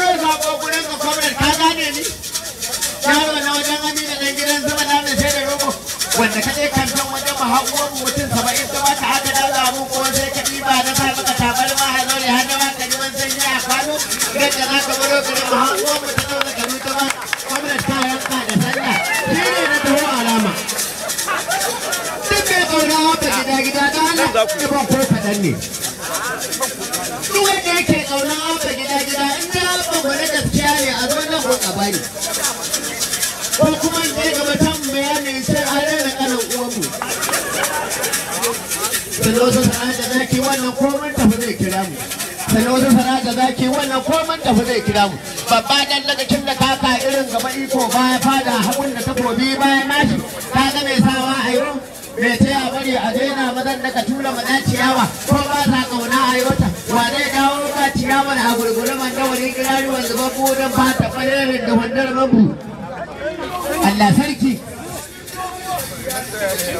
an yi sako gurin ka ni na wajen dan gidan sama na da shaidar rogo wanda kantan wajen mahaƙuwar mutum saba'in ta baka da ko sai ka ɗiba na sa maka tabar ma a har na maka neman a kwano yadda za ka ta ta yanka da na alama. Duk mai gida gida ta ne. a bari ko kuma zai gaba ta bayanin sai a rana kanan uwanmu sannan wasu sana'a da zaki wannan komai tafi zai kira mu sannan wasu sana'a da zaki wannan komai tafi zai kira mu babba dan daga kin da kaka irin gaba iko baya fada hakun da takobi baya mashi ta ga mai sawa a yau mai ce a bari a daina mazan daga tura mana ciyawa ko kirari wanda ba ko dan ba da wannan rabu Allah sarki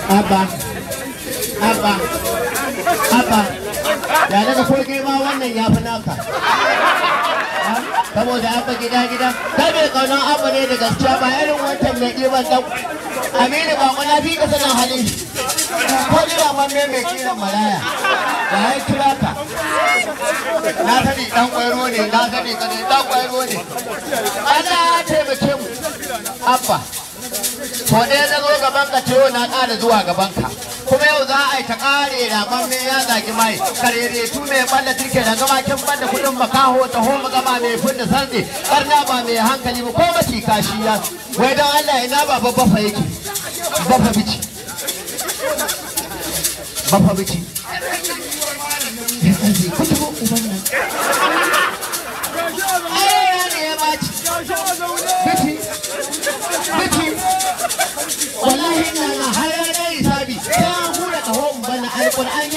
abba abba abba da daga kurgai ma wannan ya fi naka saboda abba gida gida ta mai kaunar abba ne da gaskiya ba irin wancan mai ɗiban dan aminu ba kuna fi ka sanin hali ko ɗiba mamme mai kiran maraya da ya kira ka na sani ɗan ƙwairo ne na sani ka ne ɗan ƙwairo ne ana taimake mu abba Ko ɗaya na zo gaban ka ciwo na ƙara zuwa gaban ka kuma yau za a yi ta kare raban mai ya zagi mai kareretu mai balla turke da gama kin balla kudin makaho ta homa gama mai funda sarde karna ba mai hankali ba ko mace kashi ya wai don Allah ina ba babba fa yake babba bici babba bici ai ya ne ya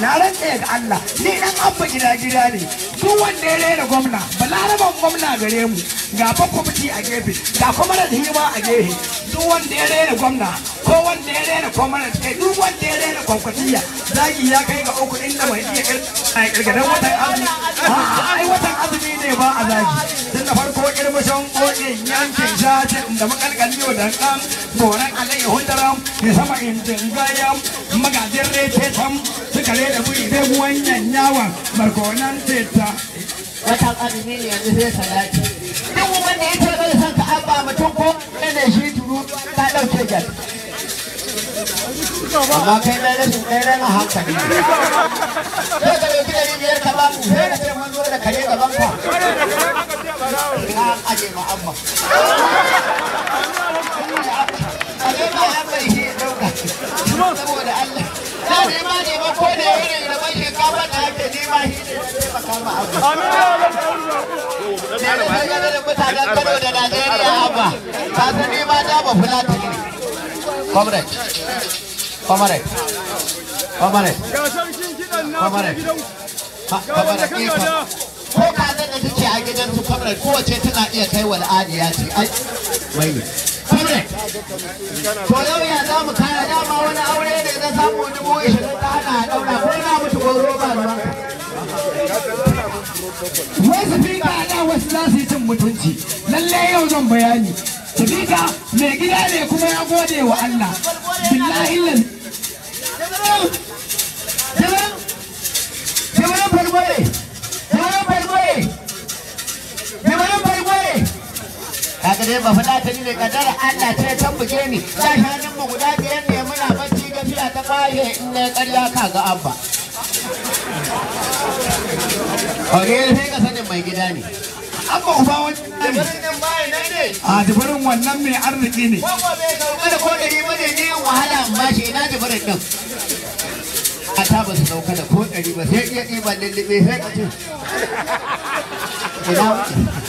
na rantse ga Allah ni dan abba gida gida ne duk wanda ya rera gwamna balaraban gwamna gare mu ga fa kwamiti a gefe ga kuma da hima a gefe duk wanda ya rera gwamna ko wanda ya rera kwamana kai eh, duk wanda ya rera kwankwatiya zaki ya kai ga uku inda mai iya kirkirar watan azumi ai watan azumi ne ba a zagi tun da farko kirmashin kokin yankin shacin da makalkali wa dankan boran alayyahu daram ya sama in gayan magajin rete tam kare da buri zai wannan yawan barkonan teta wata ne yanzu sai salati duk wanda ya tarbar san ka abba mutum ko ne shi turu ta dauke gal amma kai na rashin kai na na hankali sai ka dauki ɗari biyar ka ba mu sai ka ce mun zo da kare gaban ka na aje ma Amin da ne. Ko ka a gidan su kowace tana iya kai wal ce. Ai. yau ya za mu kaya dama wani aure ne na samu dubu ishirin ta hana a ɗaura ko na mutu ko roba ruwan wasu a da wasu za su yi cin mutunci lalle yau zan bayani sabika mai gida ne kuma ya gode wa Allah billahi lan jama'a farmare jama'a ba ta ne kadara Allah ta tambuke ni ta shanin mu guda biyar ne muna bacci gafiya ta kwaye in karya ka ga abba Ogiyar sai ka sanin mai gida ne. An ba uba wannan ne. A jibirin wannan mai arziki ne. Kada ko ɗari ba ne ne wahala amma shi ina jibirin nan. A ta ba su sauka da ko ɗari ba sai iya ɗiban lullube sai ka ce.